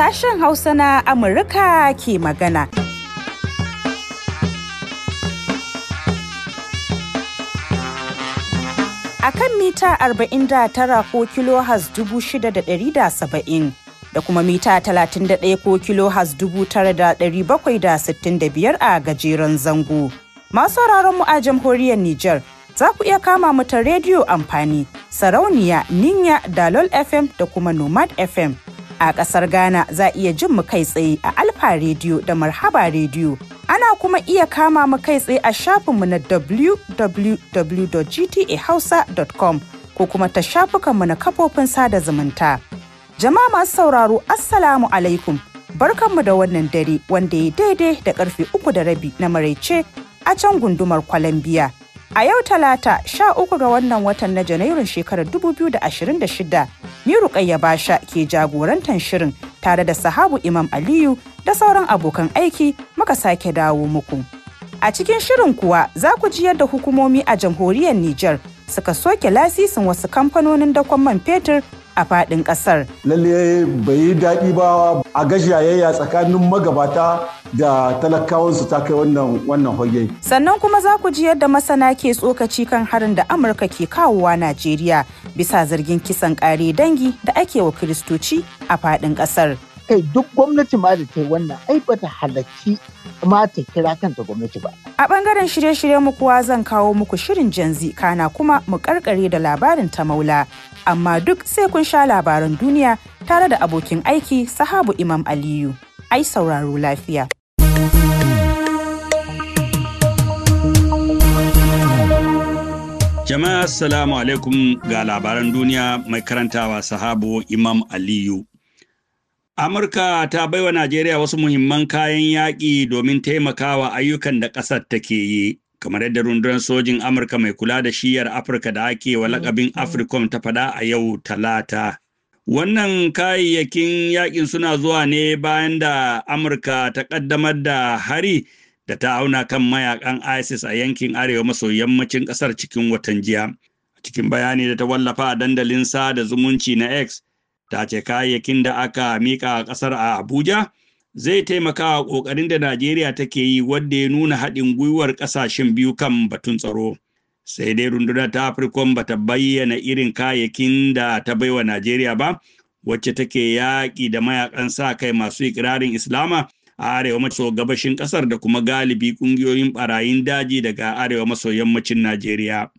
sashen Hausa na Amurka ke magana. A kan mita 49 ko kilo dubu shida da kuma mita 31 ko kilo da biyar a gajeren zango. Masu mu a jamhuriyar Nijar. za ku iya kama mu rediyo amfani sarauniya ninya dalol fm da kuma nomad fm A ƙasar Ghana za iya jin mu kai tsaye a Alfa Radio da Marhaba Radio. Ana kuma iya kama mu kai tsaye a shafinmu na www.gtahausa.com ko kuma ta shafukanmu na kafofin sada zumunta. Jama'a masu sauraro, Assalamu alaikum. Barkanmu da wannan dare wanda ya daidai da karfe uku da rabi na maraice a can gundumar Kwalambiya. A yau talata sha uku ga wannan watan na Janairun shekarar 2026 ni Ruqayya Basha ke jagorantar shirin tare da Sahabu Imam Aliyu da sauran abokan aiki muka sake dawo muku. A cikin shirin kuwa za ku ji yadda hukumomi a jamhuriyar Nijar suka soke lasisin wasu kamfanonin dakon man fetur a fadin kasar. Lalle bai yi daɗi ba a gajiyayya tsakanin magabata da talakawansu ta kai wannan wannan hoge. Sannan kuma za ku ji yadda masana ke tsokaci kan harin da Amurka ke kawowa Najeriya bisa zargin kisan ƙare dangi da ake wa Kiristoci a fadin ƙasar. kai duk gwamnati ma da ta yi wannan ai bata halarci ma ta kira kanta gwamnati ba. A bangaren shirye shirye mu kuwa zan kawo muku shirin janzi kana kuma mu karkare da labarin ta maula. Amma duk sai kun sha labaran duniya tare da abokin aiki sahabu Imam Aliyu. Ai sauraro lafiya. Jama'a salamu alaikum ga labaran duniya mai karantawa sahabu Imam Aliyu. Amurka ta baiwa Najeriya wasu muhimman kayan yaƙi domin taimakawa ayyukan da ƙasar take yi. Kamar yadda rundunar sojin Amurka mai kula da shiyar Afirka da ake wa lakabin mm-hmm. Africom ta faɗa a yau talata. Wannan kayayyakin yaƙin suna zuwa ne bayan da Amurka ta ƙaddamar da hari da ta auna kan mayakan ISIS a yankin arewa maso yammacin ƙasar cikin watan jiya. Cikin bayani da ta wallafa a dandalin sada zumunci na X, tace kayayyakin da aka mika a ƙasar a Abuja zai taimaka a ƙoƙarin da Najeriya take yi wanda ya nuna haɗin gwiwar ƙasashen biyu kan batun tsaro. Sai dai rundunar ta Afirkon ta bayyana irin kayayyakin da ta baiwa Najeriya ba, wacce take yaƙi da mayakan sa kai masu ikirarin Islama a arewa maso gabashin ƙasar da kuma galibi ƙungiyoyin ɓarayin daji daga arewa maso yammacin Najeriya.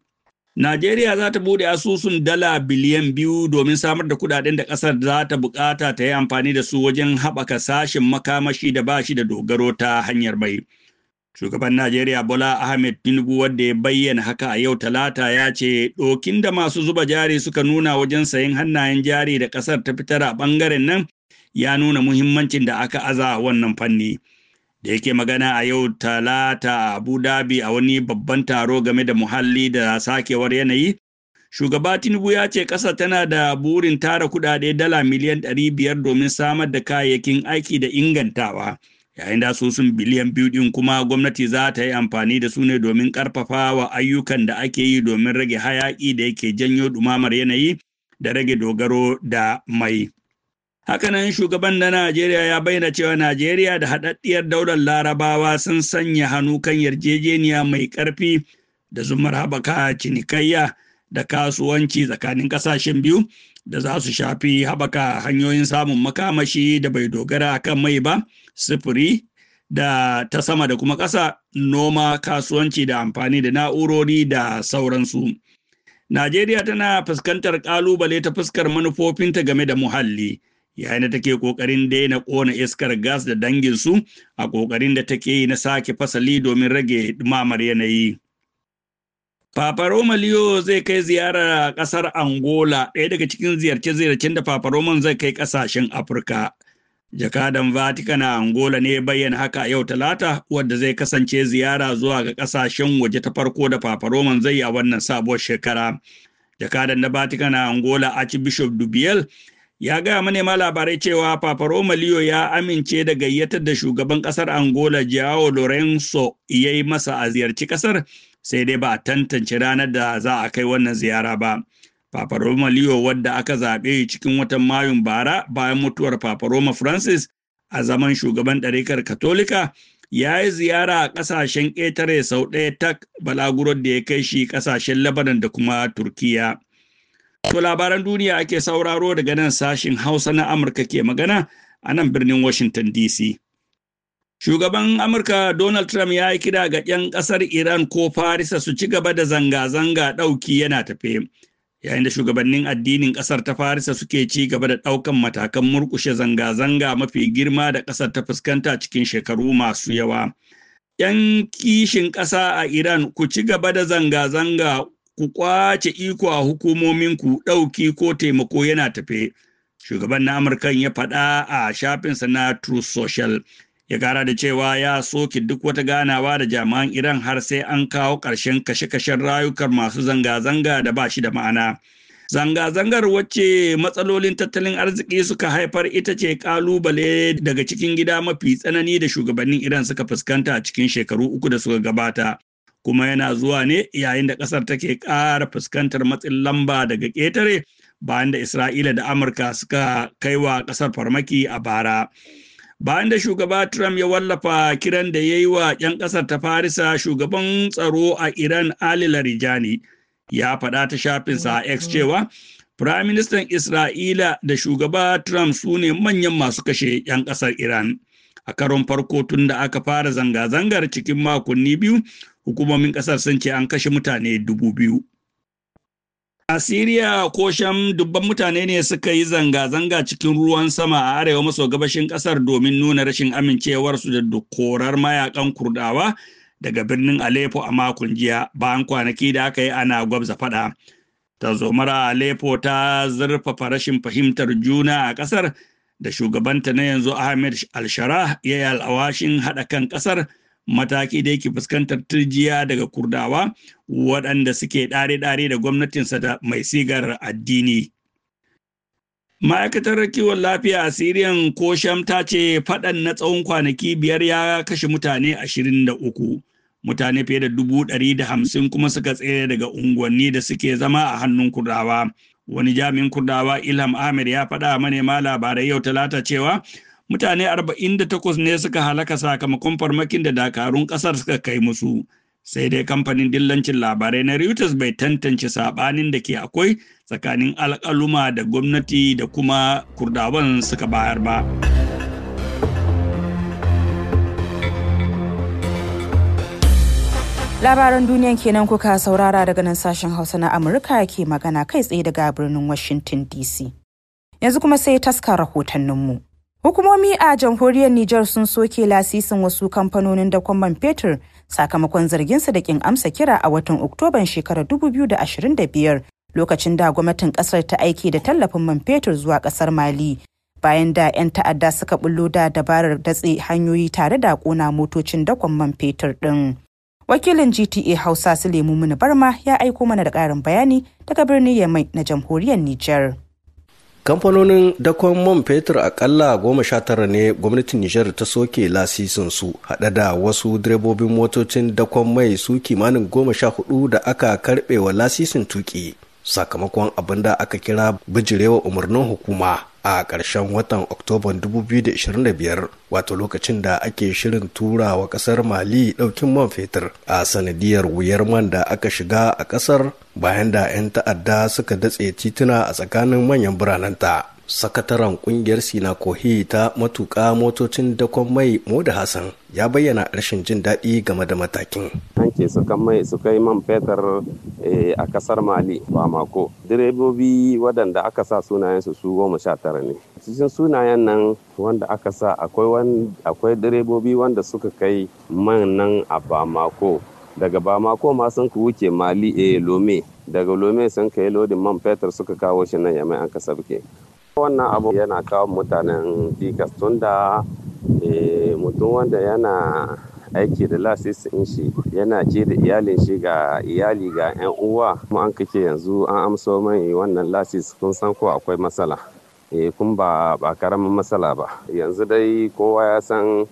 Najeriya za ta bude asusun dala biliyan biyu domin samar da kudaden da ƙasar za ta bukata ta yi amfani da su wajen haɓaka sashen makamashi da ba shi da dogaro ta hanyar mai. Shugaban Najeriya Bola Ahmed Tinubu wanda ya bayyana haka a yau talata ya ce ɗokin da masu zuba jari suka nuna wajen sayen hannayen jari da ƙasar ta fitar a ɓangaren nan ya nuna muhimmancin da aka aza wannan fanni. da yake magana a yau talata a abu dhabi a wani babban taro game da muhalli da sakewar yanayi shugaba tinubu ya ce ƙasa tana da burin tara kuɗaɗe dala miliyan ɗari biyar domin samar da kayayyakin aiki da ingantawa yayin da sosun biliyan biyu ɗin kuma gwamnati za ta yi amfani da su ne domin ƙarfafa wa ayyukan da ake yi domin rage hayaƙi da yake janyo ɗumamar yanayi da rage dogaro da mai. Hakanan shugaban na Najeriya ya bayyana cewa Najeriya da haɗaɗɗiyar daular larabawa sun sanya hannu kan yarjejeniya mai ƙarfi da zumar haɓaka cinikayya da kasuwanci tsakanin ƙasashen biyu da za su shafi haɓaka hanyoyin samun makamashi da bai dogara kan mai ba, sufuri da ta sama da kuma ƙasa, noma, kasuwanci da amfani da na'urori da sauransu. Najeriya tana fuskantar ƙalubale ta fuskar manufofinta game da muhalli. yayin da take kokarin daina kona iskar gas da danginsu a kokarin da take yi na sake fasali domin rage mamar yanayi. Papa Roma Leo zai kai ziyara ƙasar Angola ɗaya daga cikin ziyarce-ziyarcen da Papa Roman zai kai ƙasashen Afirka. Jakadan Vatican a Angola ne bayyana haka yau Talata wadda zai kasance ziyara zuwa ga ƙasashen waje ta farko da Papa Roman zai yi a wannan sabuwar shekara. Jakadan na Vatican a Angola Archbishop Dubiel ya gaya manema labarai cewa Papa Liyo ya amince da gayyatar da shugaban kasar Angola Joao Lorenzo ya yi masa a ziyarci kasar sai dai ba a tantance ranar da za a kai wannan ziyara ba. Papa Liyo wadda aka zaɓe cikin watan Mayun bara bayan mutuwar Papa Roma Francis a zaman shugaban ɗarikar Katolika ya yi ziyara a ƙasashen ƙetare sau ɗaya tak balaguro da ya kai shi ƙasashen Lebanon da kuma Turkiyya. To labaran duniya ake sauraro daga nan sashin Hausa na Amurka ke magana a nan birnin Washington DC. Shugaban Amurka Donald Trump ya yi kira ga 'yan ƙasar Iran ko Farisa su ci gaba da zanga-zanga ɗauki yana tafe. Yayin da shugabannin addinin ƙasar ta Farisa suke ci gaba da ɗaukan matakan murƙushe zanga-zanga mafi girma da ƙasar ta fuskanta cikin shekaru masu yawa. ‘Yan kishin ƙasa a Iran ku ci gaba da zanga-zanga ku kwace iko a hukumominku ɗauki ko taimako yana tafe shugaban na amurkan ya faɗa a shafinsa na true social ya gara da cewa ya soke duk wata ganawa da jami'an iran har sai an kawo ƙarshen kashe-kashen rayukan masu zanga-zanga da ba shi da ma'ana zanga-zangar wacce matsalolin tattalin arziki suka haifar ita ce kalubale daga cikin gida mafi tsanani da shugabannin iran suka fuskanta a cikin shekaru uku da suka gabata kuma yana zuwa ne yayin da ƙasar take ƙara fuskantar matsin lamba daga ƙetare bayan da Isra'ila da Amurka suka kai wa ƙasar farmaki a bara. Bayan da shugaba Trump ya wallafa kiran da ya yi wa 'yan ƙasar ta Farisa shugaban tsaro a Iran Ali Larijani ya faɗa ta shafinsa a X cewa Firaministan Isra'ila da shugaba Trump su ne manyan masu kashe 'yan ƙasar Iran. a karon farko tun da aka fara zanga-zangar cikin makonni biyu hukumomin kasar sun ce an kashe mutane dubu biyu a siriya ko sham dubban mutane ne suka yi zanga-zanga cikin ruwan sama a arewa maso gabashin kasar domin nuna rashin amincewar su da korar mayakan kurdawa daga birnin aleppo a makon jiya bayan kwanaki da aka yi ana gwabza fada tazomara aleppo ta zurfafa rashin fahimtar juna a kasar da shugabanta na yanzu Ahmed Alshara ya yi al'awashin haɗa kan ƙasar mataki da yake fuskantar turjiya daga Kurdawa waɗanda suke ɗare-ɗare da gwamnatinsa da mai sigar addini. Ma'aikatar kiwon lafiya a Siriyan Kosham ta ce faɗan na tsawon kwanaki biyar ya kashe mutane ashirin da uku. Mutane fiye da dubu ɗari da hamsin kuma suka tsere daga unguwanni da suke zama a hannun Kurdawa. wani jami'in kurdawa ilham ahmed ya faɗa manema labarai yau talata cewa mutane 48 ne suka halaka sakamakon farmakin da dakarun ƙasar suka kai musu sai dai kamfanin dillancin labarai na reuters bai tantance saɓanin da ke akwai tsakanin alƙaluma da gwamnati da kuma kurdawan suka bayar ba. Labaran duniyan kenan kuka saurara daga nan sashen Hausa na Amurka ke magana kai tsaye daga birnin Washington DC. Yanzu kuma sai taska rahotanninmu. Hukumomi a jamhuriyar Nijar sun soke lasisin wasu kamfanonin da man fetur sakamakon zarginsu da kin amsa kira a watan Oktoban shekarar biyar lokacin da gwamnatin kasar ta aiki da tallafin man fetur zuwa kasar Mali bayan da 'yan ta'adda suka bullo da dabarar datse hanyoyi tare da kona motocin dakon man fetur ɗin. wakilin gta hausa su lemu mini barma ya aiko mana da ƙarin bayani daga birnin yamai na jamhuriyar nijar kamfanonin dakon man fetur akalla goma sha tara ne gwamnatin nijar ta soke lasisin su haɗe da wasu direbobin motocin dakon mai su kimanin goma sha hudu da aka karbe wa lasisin tuki sakamakon abin da aka kira bijirewa umarnin hukuma a ƙarshen watan oktoban 2025 wato lokacin da ake shirin tura wa ƙasar mali ɗaukin man fetur a sanadiyar wuyar man da aka shiga a ƙasar bayan da 'yan ta'adda suka datse tituna a tsakanin manyan biranenta sakataren kungiyar sina kohi ta matuka motocin dakon mai moda hassan ya bayyana rashin jin daɗi game da matakin tanke su kan mai su kai man fetur eh, a kasar mali ba mako direbobi waɗanda aka sa sunayen su goma sha tara ne cikin sunayen nan wanda aka sa akwai direbobi wanda suka kai man nan a ba mako daga bamako ma sun ku wuce mali e lome daga lome sun kai lodin man fetur suka kawo shi nan yamai an kasa wannan abu yana kawo mutanen cikas tunda eh, mutum wanda yana aiki da lasisin shi yana ce da iyalin shi ga iyali ga 'yan uwa kuma an kake yanzu an amso mai wannan lasis kun san ko akwai matsala eh, kun ba karamin matsala ba yanzu dai kowa ya san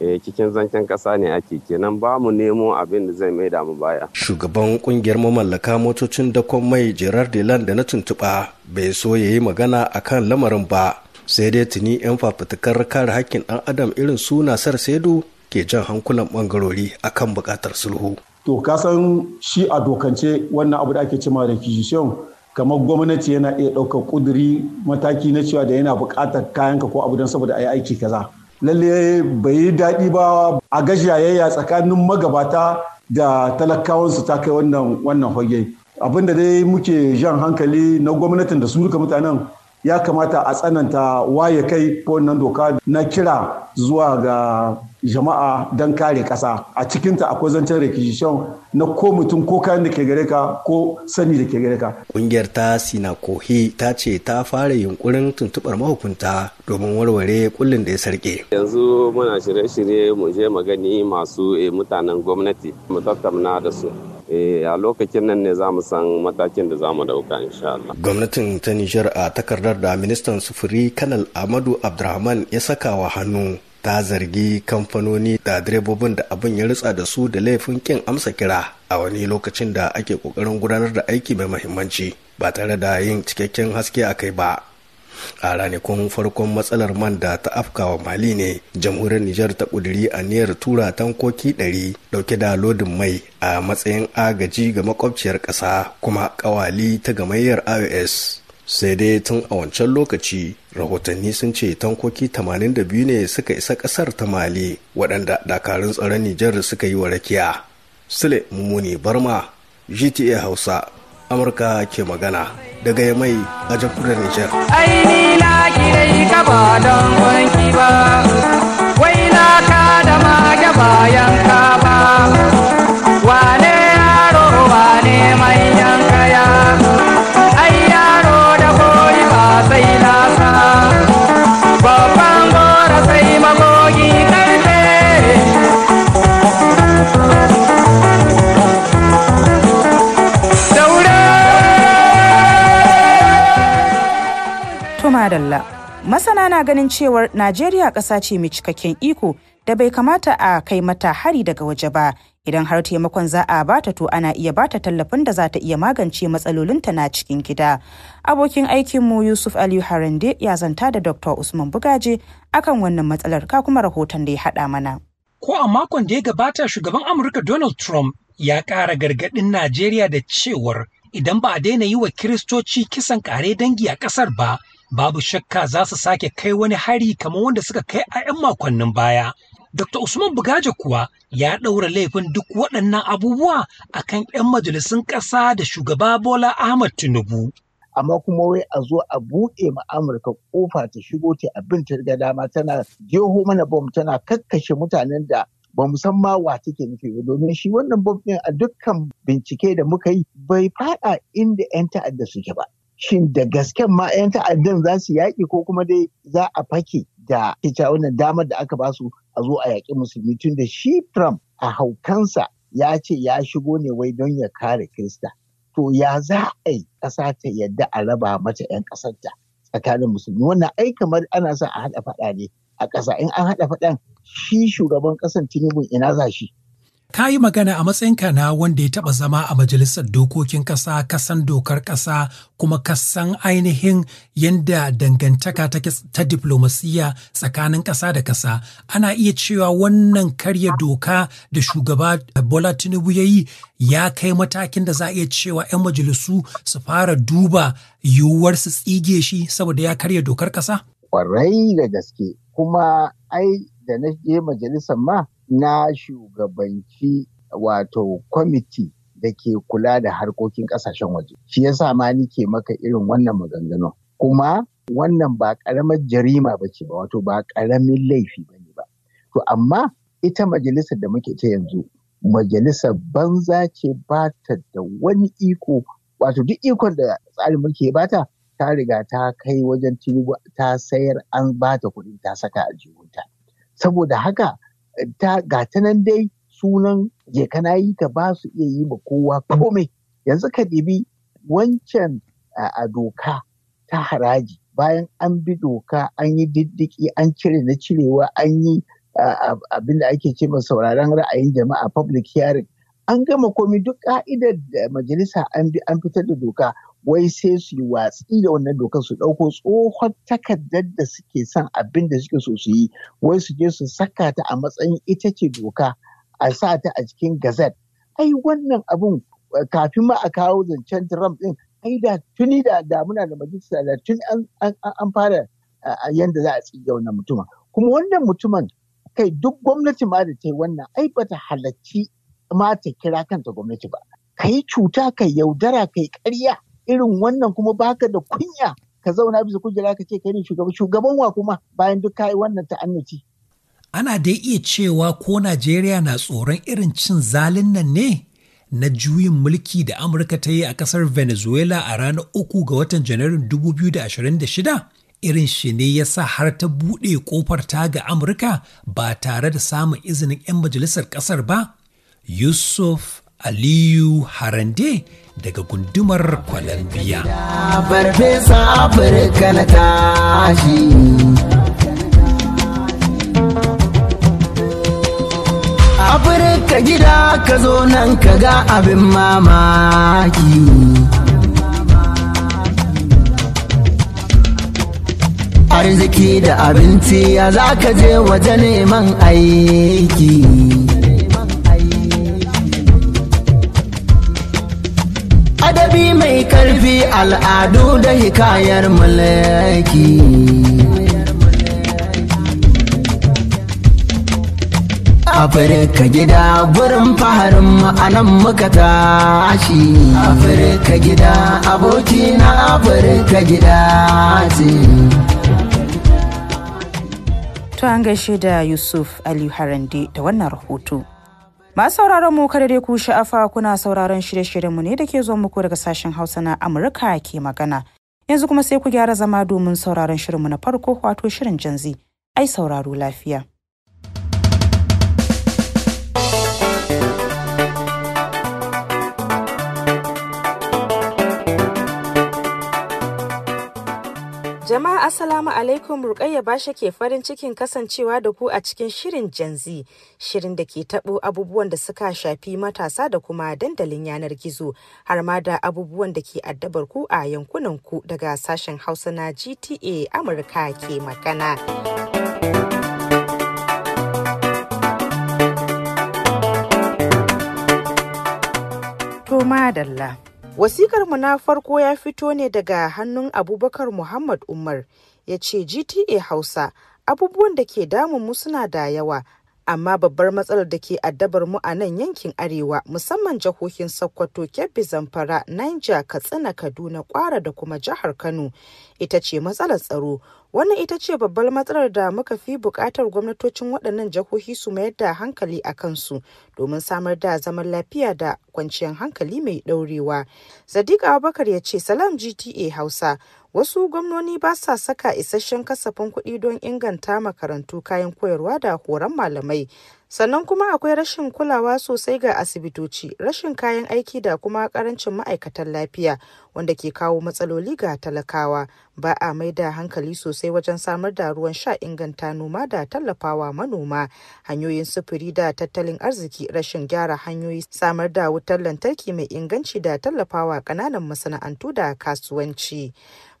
eh, cikin zancen kasa ne ake kenan ba mu nemo abin da zai mai mu baya. Shugaban kungiyar mamallaka motocin dakon mai Gerard yalan da na tuntuɓa bai so ya yi magana a kan lamarin ba. Sai dai tuni 'yan fafutukar kare hakkin ɗan adam irin su Nasar Saidu ke jan hankulan ɓangarori akan buƙatar sulhu. To kasan shi a dokance wannan abu da ake cema requisition kamar gwamnati yana iya ɗaukar ƙuduri mataki na cewa da yana buƙatar kayanka ko abu don saboda a yi aiki kaza. lalle bai yi daɗi ba a gajiyayya tsakanin magabata da talakawansu ta kai wannan wannan hage abinda dai muke jan hankali na gwamnatin da su duka mutanen ya kamata a tsananta waye kai ko wannan doka na kira zuwa ga jama'a don kare ƙasa a cikinta akwai zancen rikishishon na ko mutum ko kayan da ke gare ka ko sani da ke gare ka. Ƙungiyar ta Sinakohi ta ce ta fara yunkurin tuntuɓar mahukunta domin warware kullum da ya sarke. Yanzu muna shirye-shirye mu je magani masu eh, mutanen gwamnati mu tattauna da su. Eh, a lokacin nan ne za mu san matakin da za mu dauka insha Allah. Gwamnatin ta Nijar a takardar da ministan sufuri Kanal Amadu Abdurrahman ya saka wa hannu ta zargi kamfanoni da direbobin da abin ya ritsa da su da laifin kin amsa kira a wani lokacin da ake kokarin gudanar da aiki mai mahimmanci ba tare da yin cikakken haske a kai ba. a ranakun farkon matsalar man da ta afka wa mali ne jamhuriyar nijar ta kuduri niyyar tura tankoki 100 dauke da lodin mai a matsayin agaji ga makwabciyar ƙasa kuma kawali ta gamayyar ios sai dai tun a wancan lokaci rahotanni sun ce tankoki 82 ne suka isa ƙasar ta mali waɗanda dakarun tsaron nijar suka yi wa rakiya sule mummuni barma gta hausa amurka ke magana daga mai a jamhuriyar nijar aini na kirai ka ba don wanki ba wai na ka da mage bayan ka ba dalla Masana na ganin cewar Najeriya ƙasa ce mai cikakken iko da bai kamata a kai mata hari daga waje ba idan har taimakon za a bata to ana iya bata tallafin da za ta iya magance matsalolinta na cikin gida abokin aikinmu yusuf aliyu harande ya zanta da dr usman bugaje akan wannan matsalar ka kuma rahoton da ya haɗa mana ko a makon da ya gabata shugaban amurka donald trump ya ƙara gargaɗin najeriya da cewar idan ba a daina yi wa kiristoci kisan kare dangi a ƙasar ba babu shakka za su sake kai wani hari kamar wanda suka kai a 'yan makonnin baya. Dr. Usman Bugaje kuwa ya ɗaura laifin duk waɗannan abubuwa a kan 'yan majalisun ƙasa da shugaba Bola Ahmad Tinubu. Amma kuma wai a zo a buɗe ma Amurka ƙofa ta shigo ta abin ta riga dama tana jeho mana bom tana kakkashe mutanen da ba mu san ma wa take nufi ba domin shi wannan bom ɗin a dukkan bincike da muka yi bai faɗa inda 'yan ta'adda suke ba. shin da gasken ma 'yan ta'addan za su yaƙi ko kuma dai za a fake da ita wannan damar da aka ba su a zo a yaƙi musulmi tun da shi Trump a haukansa ya ce ya shigo ne wai don ya kare Kirista. To ya za a yi ƙasa ta yadda a raba mata 'yan ƙasarta tsakanin musulmi. Wannan ai kamar ana son a haɗa faɗa ne a ƙasa. In an haɗa faɗan shi shugaban ƙasan Tinubu ina za shi. Ka yi magana a matsayinka na wanda ya taɓa zama a Majalisar Dokokin Ƙasa, kasan dokar ƙasa kuma kasan ainihin yadda dangantaka ta diflomasiyya tsakanin ƙasa da ƙasa. Ana iya cewa wannan karya doka da shugaba Bola Tinubu ya yi ya kai matakin da za a iya cewa 'yan majalisu su fara duba yiwuwar su tsige shi saboda ya karya dokar ƙasa? Kwarai da gaske, kuma ai da na je majalisar ma na shugabanci wato kwamiti da ke kula da harkokin kasashen waje. Shi ya sa ma nike maka irin wannan maganganu. Kuma wannan ba ƙaramar jarima ba ce ba wato ba ƙaramin laifi ba ne ba. To amma ita majalisar da muke ta yanzu majalisar banza ce ba ta da wani iko wato duk ikon da tsarin mulki ya bata ta riga ta kai wajen tinubu ta sayar an ba ta kuɗin ta saka a jihunta. Saboda haka ta gata nan dai sunan jekana yi ta ba su iya yi ba kowa komai yanzu ka ɗibi wancan a doka ta haraji bayan an bi doka an yi diddiki an cire na cirewa an yi abin da ake ce sauraron ra'ayin jama'a public hearing an gama komai duk ka'idar da majalisa an bi an fitar da doka wai sai su yi watsi da wannan dokar su ɗauko tsohon takardar da suke son abin da suke so su yi wai su je su saka ta a matsayin ita ce doka a sa ta a cikin gazet ai wannan abun eh, kafin ma a kawo zancen trump din ai da tuni da damuna da majalisa da tuni an fara yadda za a tsige wannan mutumin kuma wannan mutumin kai duk gwamnati ma da ta yi wannan ai bata halarci ma ta kira kanta gwamnati ba ka cuta kai yaudara kai karya. irin wannan kuma baka da kunya ka zauna bisa kujera ka ce kai shugaba shugaban wa kuma bayan duk kai wannan ta'annaci ana dai iya cewa ko Najeriya na tsoron irin cin zalin nan ne na juyin mulki da Amurka ta yi a kasar Venezuela a ranar uku ga watan Janairun 2026 irin shi ne ya sa har ta buɗe ƙofar ta ga Amurka ba tare da samun izinin 'yan majalisar ƙasar ba. Yusuf Aliyu Harande daga gundumar kwalambiya Farfesa Afirka na Afirka gida ka zo nan ka ga abin mamaki. Arziki da abinci ya za ka je waje neman aiki. ƙarfi al'adu da hikayar mulki afirka gida gurin faharin ma'anan muka tashi afirka gida aboki na afirka gida ce To an gaishe da Yusuf ali Harande da wannan rahoto. Masu sauraron mu kada dai ku sha'afa kuna sauraron shirye-shiryenmu ne da ke zo muku daga sashen Hausa na Amurka ke magana. Yanzu kuma sai ku gyara zama domin sauraron shirinmu na farko wato shirin janzi. Ai sauraro lafiya. Jama'a Assalamu alaikum Rukayya sha ke farin cikin kasancewa da ku a cikin shirin Gen Z, shirin da ke tabo abubuwan da suka shafi matasa da kuma dandalin yanar gizo, har ma da abubuwan da ke addabar ku a yankunan ku daga sashen Hausa na GTA Amurka ke magana. To madalla. Wasikar mu na farko ya fito ne daga hannun Abubakar Muhammad Umar ya ce GTA Hausa abubuwan da ke damun mu suna da yawa amma babbar matsalar da ke addabar mu a nan yankin arewa musamman jihohin sokoto kebbi zamfara niger katsina kaduna kwara da kuma jihar kano ita ce matsalar tsaro wannan ita ce babbar matsalar da muka fi buƙatar gwamnatocin waɗannan jihohi su mayar da hankali a kansu domin samar da zaman lafiya da kwanciyar hankali mai ɗaurewa sadiq abubakar ya ce salam gta hausa Wasu gwamnoni ba sa saka isasshen kasafin kuɗi don inganta makarantu, kayan koyarwa da horon malamai. sannan kuma akwai rashin kulawa sosai ga asibitoci rashin kayan aiki da kuma karancin ma'aikatan lafiya wanda ke kawo matsaloli ga talakawa ba a mai da hankali sosai wajen samar da ruwan sha inganta noma da tallafawa manoma hanyoyin sufuri da tattalin arziki rashin gyara hanyoyi samar da wutar lantarki mai inganci da tallafawa ƙananan masana'antu da kasuwanci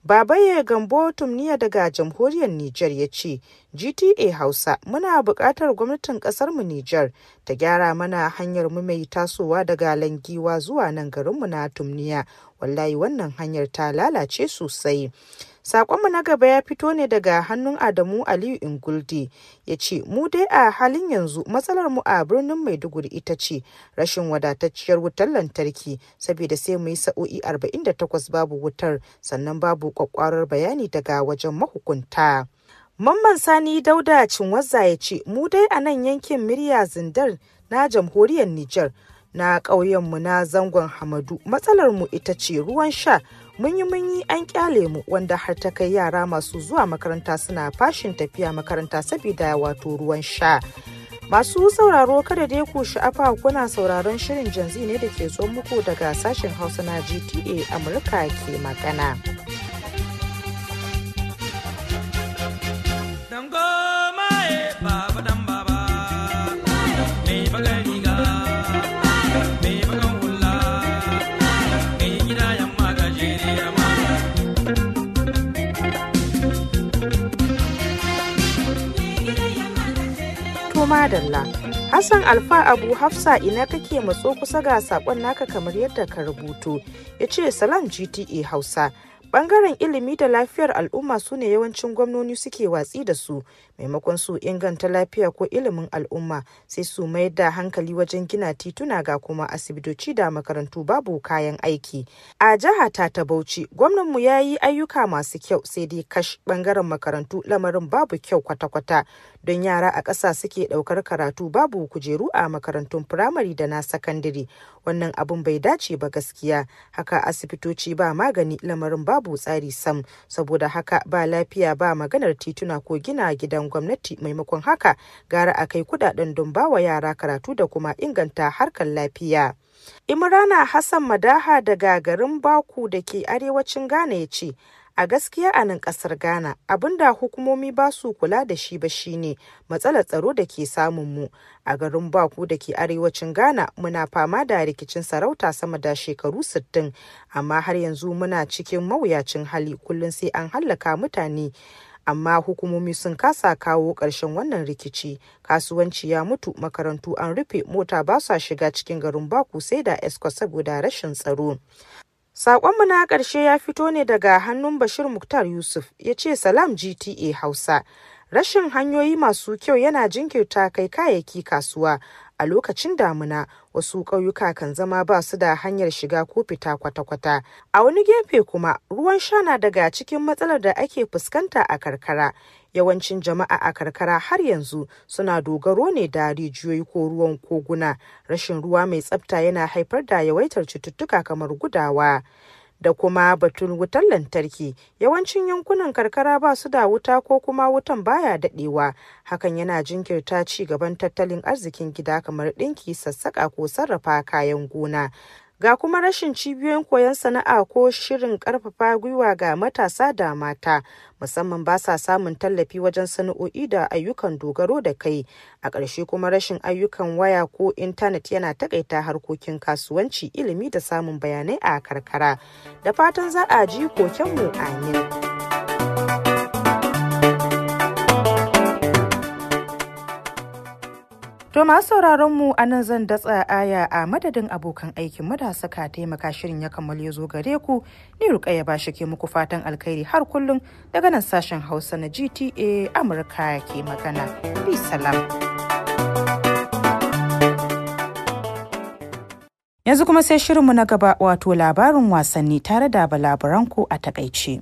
Babaye Gambo Tumniya daga jamhuriyar Nijar ya ce, GTA Hausa muna buƙatar gwamnatin ƙasarmu Nijar ta gyara mana hanyar mu mai tasowa daga Langiwa zuwa nan garin mu na Tumniya. Wallahi wannan hanyar ta lalace sosai. mu na gaba ya fito ne daga hannun Adamu Aliyu Ingulde ya ce, Mu dai a halin yanzu matsalar mu a birnin Maiduguri ita ce rashin wadatacciyar wutar lantarki saboda sai mu yi sa'o'i 48 babu wutar sannan babu kwakwarar bayani daga wajen mahukunta. Mamman Sani Dauda cinwaza ya ce, Mu dai a nan yankin murya Zindar na jamhuriyar Nijar na ƙauyenmu na zangon Hamadu matsalar mu ita ce ruwan sha mun yi mun yi an kyale mu wanda har ta kai yara masu zuwa makaranta suna fashin tafiya makaranta saboda wato ruwan sha. Masu sauraro kada dai ku sha'afa kuna sauraron shirin janzi ne da ke zo muku daga sashen Hausa na GTA Amurka ke magana. madalla Hassan Alfa Abu Hafsa ina kake matso kusa ga sakon naka kamar yadda ka rubuto ya ce salam GTA Hausa Ɓangaren ilimi da lafiyar al'umma su ne yawancin gwamnoni suke watsi da su maimakon su inganta lafiya ko ilimin al'umma sai su mayar da hankali wajen gina tituna ga kuma asibitoci da makarantu babu kayan aiki a jiha ta ta bauchi gwamnanmu ya yi ayyuka masu kyau sai dai kash bangaren makarantu lamarin babu kyau kwata-kwata don yara a ƙasa suke ɗaukar karatu babu kujeru a makarantun firamare da na sakandare wannan abun bai dace ba gaskiya haka asibitoci ba magani lamarin babu tsari sam saboda haka ba lafiya ba maganar tituna ko gina gidan gwamnati maimakon haka gara a kai kudaden don bawa yara karatu da kuma inganta harkar lafiya. Imrana Hassan Madaha daga garin Baku da ke arewacin Ghana ya ce, A gaskiya a nan ƙasar Ghana, abinda hukumomi ba su kula da shi ba shine matsalar tsaro da ke samun mu. A garin Baku da ke arewacin Ghana muna fama da rikicin sarauta sama da shekaru 60, amma har yanzu muna cikin mawuyacin hali kullum sai an hallaka mutane. amma hukumomi sun kasa kawo ƙarshen wannan rikici kasuwanci ya mutu makarantu an rufe mota ba sa shiga cikin garin baku sai da esco saboda rashin tsaro Saƙonmu na ƙarshe ya fito ne daga hannun Bashir Muktar Yusuf ya ce Salam GTA Hausa rashin hanyoyi masu kyau yana jinkirta kai kayayyaki kasuwa a lokacin damuna wasu ƙauyuka kan zama ba su da hanyar shiga ko fita kwata-kwata a wani gefe kuma ruwan sha na daga cikin matsalar da ake fuskanta a karkara yawancin jama'a a karkara har yanzu suna dogaro ne da rijiyoyi ko ruwan koguna rashin ruwa mai tsafta yana haifar da yawaitar cututtuka kamar gudawa da kuma batun wutar lantarki yawancin yankunan karkara ba su da wuta ko kuma wutan baya daɗewa hakan yana jinkirta ci gaban tattalin arzikin gida kamar ɗinki sassaƙa ko sarrafa kayan gona ga kuma rashin cibiyoyin koyon sana'a ko shirin karfafa gwiwa ga matasa da mata musamman ba sa samun tallafi wajen sana'o'i da ayyukan dogaro da kai a ƙarshe kuma rashin ayyukan waya ko intanet yana takaita harkokin kasuwanci ilimi da samun bayanai a karkara da fatan za a ji kokenmu amin. To masu sauraron mu a nan zan datsa aya a madadin abokan aikin da suka taimaka shirin ya kammala ya zo gare ku ni rukaya ba shi ke muku fatan alkhairi har kullum daga nan sashen Hausa na GTA Amurka ke magana. Bi salam. Yanzu kuma sai shirinmu na gaba wato labarin wasanni tare da balaburanku a takaice.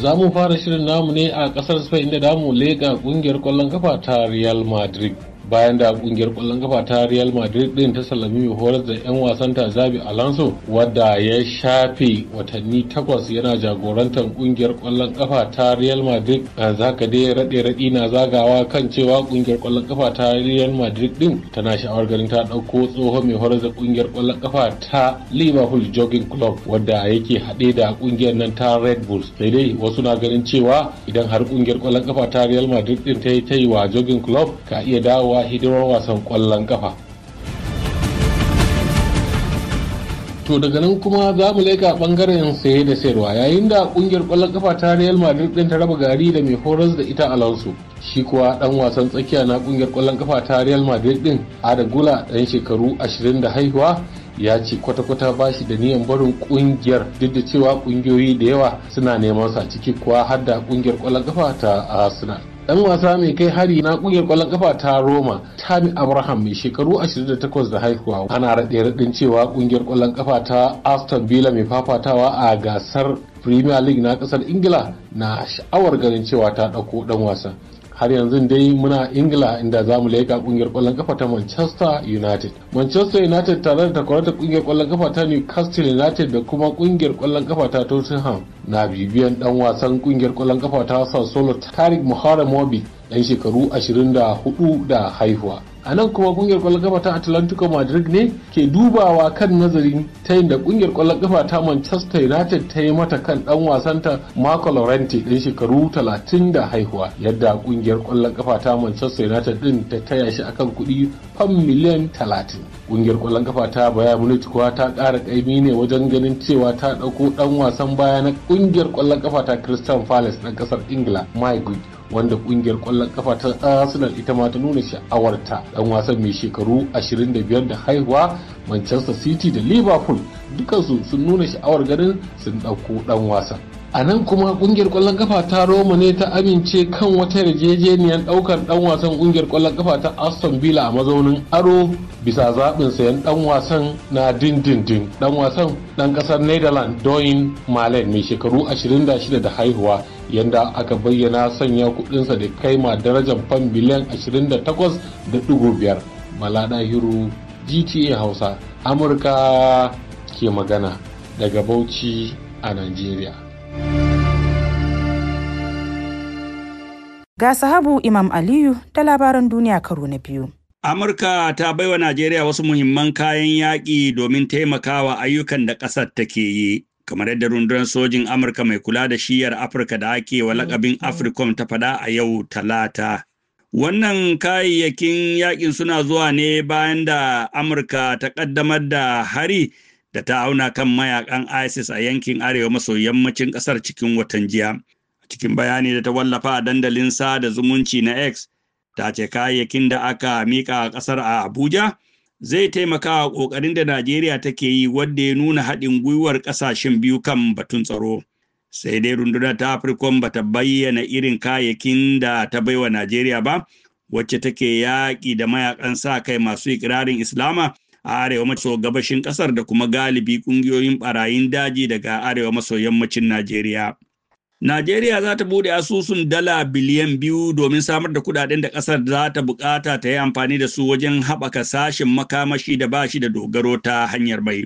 za mu fara shirin namu ne a kasar spain inda damu leƙa kungiyar kwallon kafa ta real madrid bayan da kungiyar kwallon kafa ta Real Madrid din ta sallami mai horar da 'yan wasan ta Zabi Alonso wadda ya shafe watanni takwas yana jagorantar kungiyar kwallon kafa ta Real Madrid zaka dai rade radi na zagawa kan cewa kungiyar kwallon kafa ta Real Madrid din tana sha'awar ganin ta dauko tsohon mai horar da kungiyar kwallon kafa ta Liverpool Jogging Club wadda yake hade da kungiyar nan ta Red Bulls sai dai wasu na ganin cewa idan har kungiyar kwallon kafa ta Real Madrid din ta yi ta yi wa Jogging Club ka iya dawowa a hidimar wasan kwallon kafa To daga nan kuma za mu leka bangaren saye da sayarwa yayin da kungiyar kwallon kafa ta Real Madrid din ta raba gari da mai horas da ita Alonso. Shi kuwa dan wasan tsakiya na kungiyar kwallon kafa ta Real Madrid ɗin Ada Gula dan shekaru 20 da haihuwa ya ce kwata-kwata ba shi da niyan barin kungiyar duk da cewa kungiyoyi da yawa suna neman sa ciki kuwa har da kungiyar kwallon kafa ta Arsenal. dan wasa mai kai hari na kungiyar kwallon kafa ta Roma Tammy Abraham mai shekaru 28 da haihuwa ana raɗe raɗin cewa kungiyar kwallon kafa ta Aston Villa mai fafatawa a gasar Premier League na kasar Ingila na sha'awar ganin cewa ta ɗauko dan wasa har yanzu dai muna ingila inda za mu leka ƙungiyar kwallon kafa ta manchester united manchester united tare da takwarar ƙungiyar kwallon kafa ta newcastle united da kuma ƙungiyar ƙwallon kafa ta tottenham na bibiyan dan wasan ƙungiyar kwallon kafa ta sassolo tarik mobi dan shekaru 24 da haihuwa a nan kuma kungiyar kwallon kafa ta atlantico madrid ne ke dubawa kan nazarin ta yin da kungiyar kwallon kafa ta manchester united ta yi mata kan dan wasanta marco laurenti dan shekaru 30 da haihuwa yadda kungiyar kwallon kafa ta manchester united din ta taya shi akan kuɗi fam miliyan 30 kungiyar kwallon kafa ta bayan munich kuwa ta kara kaimi ne wajen ganin cewa ta ɗauko dan wasan baya na kungiyar kwallon kafa ta crystal palace na ƙasar ingila mike wanda kungiyar kwallon kafa ta Arsenal ita ma ta nuna sha'awarta dan wasan mai shekaru 25 da haihuwa Manchester City da Liverpool dukansu sun nuna sha'awar ganin sun ɗauko dan wasan a nan kuma kungiyar kwallon kafa ta roma ne ta amince kan wata yarjejeniyar daukar dan wasan kungiyar kwallon kafa ta aston villa a mazaunin aro bisa zaɓin sayan dan wasan na dindindin dan wasan dan ƙasar netherlands doyin malen mai shekaru 26 da haihuwa yadda aka bayyana sanya kudinsa da kai ma darajar fan biliyan 28.5 malada hiru gta hausa amurka ke magana daga bauchi a nigeria Ga sahabu Imam Aliyu da labaran duniya karo na biyu. Amurka ta baiwa Najeriya wasu muhimman kayan yaƙi domin taimakawa ayyukan da ƙasar take yi. kamar yadda rundunar sojin amurka mai kula da shiyar afirka da ake wa lakabin africom ta faɗa a yau talata wannan kayayyakin yakin suna zuwa ne bayan da amurka ta ƙaddamar da hari da ta auna kan mayakan ISIS a yankin arewa maso yammacin kasar cikin watan jiya. A Cikin bayani da ta wallafa a dandalin sada zumunci na X, ta ce kayayyakin da aka miƙa a ƙasar a Abuja zai taimaka a ƙoƙarin da Najeriya take yi wadda ya nuna haɗin gwiwar ƙasashen biyu kan batun tsaro. Sai dai rundunar ta Afirkon ba ta bayyana irin kayayyakin da ta baiwa Najeriya ba, wacce take yaƙi da mayakan sa kai masu ikirarin Islama a arewa maso gabashin ƙasar da kuma galibi ƙungiyoyin ɓarayin daji daga arewa maso yammacin Najeriya. Najeriya za ta buɗe asusun dala biliyan biyu domin samar da kuɗaɗen da ƙasar za ta buƙata ta yi amfani da su wajen haɓaka sashen makamashi da ba shi da dogaro ta hanyar mai.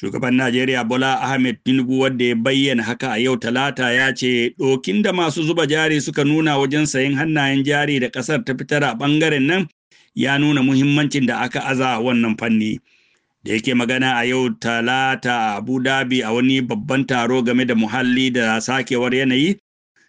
Shugaban Najeriya Bola Ahmed Tinubu wanda ya bayyana haka a yau talata ya ce ɗokin da masu zuba jari suka nuna wajen sayen hannayen jari da ƙasar ta fitar a ɓangaren nan ya nuna muhimmancin da aka aza wannan fanni da yake magana a yau talata abu dhabi a wani babban taro game da muhalli da sakewar yanayi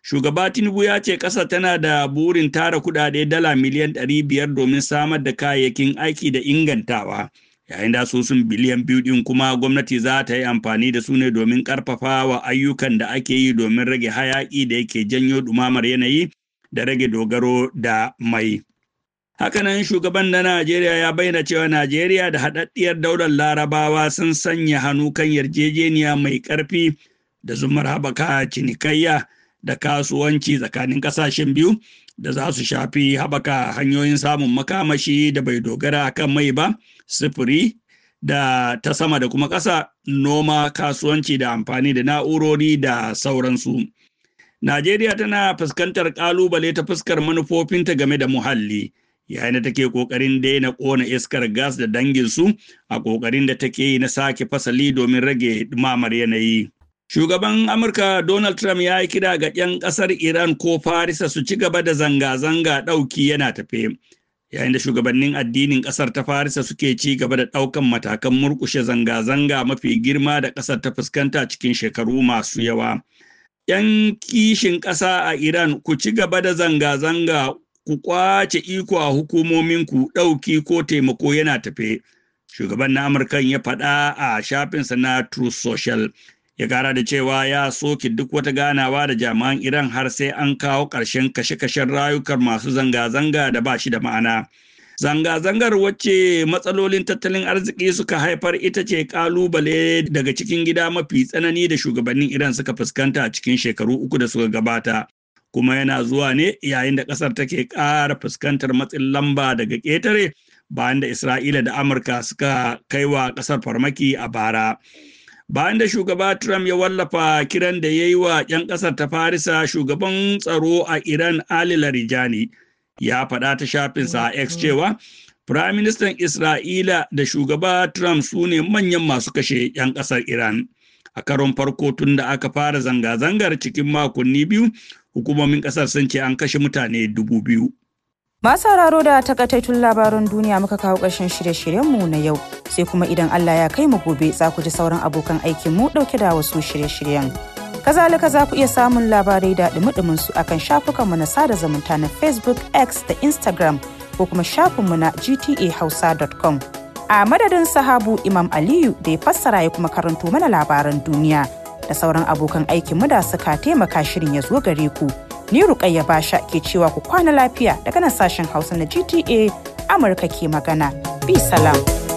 shugaba tinubu ya ce ƙasa tana da burin tara kudade dala miliyan ɗari biyar domin samar da kayayyakin aiki da ingantawa yayin da asusun biliyan biyu din kuma gwamnati za ta yi amfani da su ne domin ƙarfafa wa ayyukan da ake yi domin rage hayaƙi da yake janyo ɗumamar yanayi da rage dogaro da mai. Hakanan shugaban na Najeriya ya bayyana cewa Najeriya da haɗaɗɗiyar daular larabawa sun sanya hannu kan yarjejeniya mai ƙarfi da zumar haɓaka cinikayya da kasuwanci tsakanin ƙasashen biyu da za su shafi haɓaka hanyoyin samun makamashi da bai dogara kan mai ba, sufuri da ta sama da kuma ƙasa, noma, kasuwanci da amfani da na'urori da sauransu. Najeriya tana fuskantar ƙalubale ta fuskar manufofinta game da muhalli. yayin da take kokarin daina kona iskar gas da dangin su a kokarin da take yi na sake fasali domin rage dumamar yanayi. Shugaban Amurka Donald Trump ya yi kira ga 'yan kasar Iran ko Farisa su ci gaba da zanga-zanga ɗauki yana tafe. Yayin da shugabannin addinin kasar ta Farisa suke ci gaba da ɗaukan matakan murkushe zanga-zanga mafi girma da kasar ta fuskanta cikin shekaru masu yawa. ‘Yan kishin ƙasa a Iran ku ci gaba da zanga-zanga ku kwace iko a hukumominku ɗauki ko taimako yana tafe. Shugaban na Amurkan ya faɗa a shafinsa na True Social. Ya kara da cewa ya soke duk wata ganawa da jami'an Iran har sai an kawo ƙarshen kashe-kashen rayukan masu zanga-zanga da ba shi da ma'ana. Zanga-zangar wacce matsalolin tattalin arziki suka haifar ita ce kalubale daga cikin gida mafi tsanani da shugabannin Iran suka fuskanta a cikin shekaru uku da suka gabata. kuma yana zuwa ne yayin da ƙasar take ƙara fuskantar matsin lamba daga ƙetare bayan da Isra'ila da Amurka suka kai wa ƙasar farmaki a bara. Bayan da shugaba Trump ya wallafa kiran da ya yi wa 'yan ƙasar ta Farisa shugaban tsaro a Iran Ali Larijani ya faɗa ta shafinsa a X cewa Firaministan Isra'ila da shugaba Trump su ne manyan masu kashe 'yan ƙasar Iran. A karon farko tun da aka fara zanga-zangar cikin makonni biyu, hukumomin ƙasar sun ce an kashe mutane dubu biyu. Masu sauraro da takaitaitun labaran duniya muka kawo ƙarshen shirye-shiryenmu na yau sai kuma idan Allah ya kai mu gobe za ku ji sauran abokan aikin mu ɗauke da wasu shirye-shiryen. Kazalika za ku iya samun labarai da ɗumi su akan shafukanmu na sada zumunta na Facebook, X da Instagram ko kuma shafinmu na gtahausa.com. A madadin sahabu Imam Aliyu da ya fassara ya kuma karanto mana labaran duniya. da sauran abokan aikinmu da suka taimaka shirin ya zo gare ku. Ni Rukayya Basha ke cewa ku kwana lafiya daga nan sashen Hausa na GTA Amurka ke magana. Bi salam.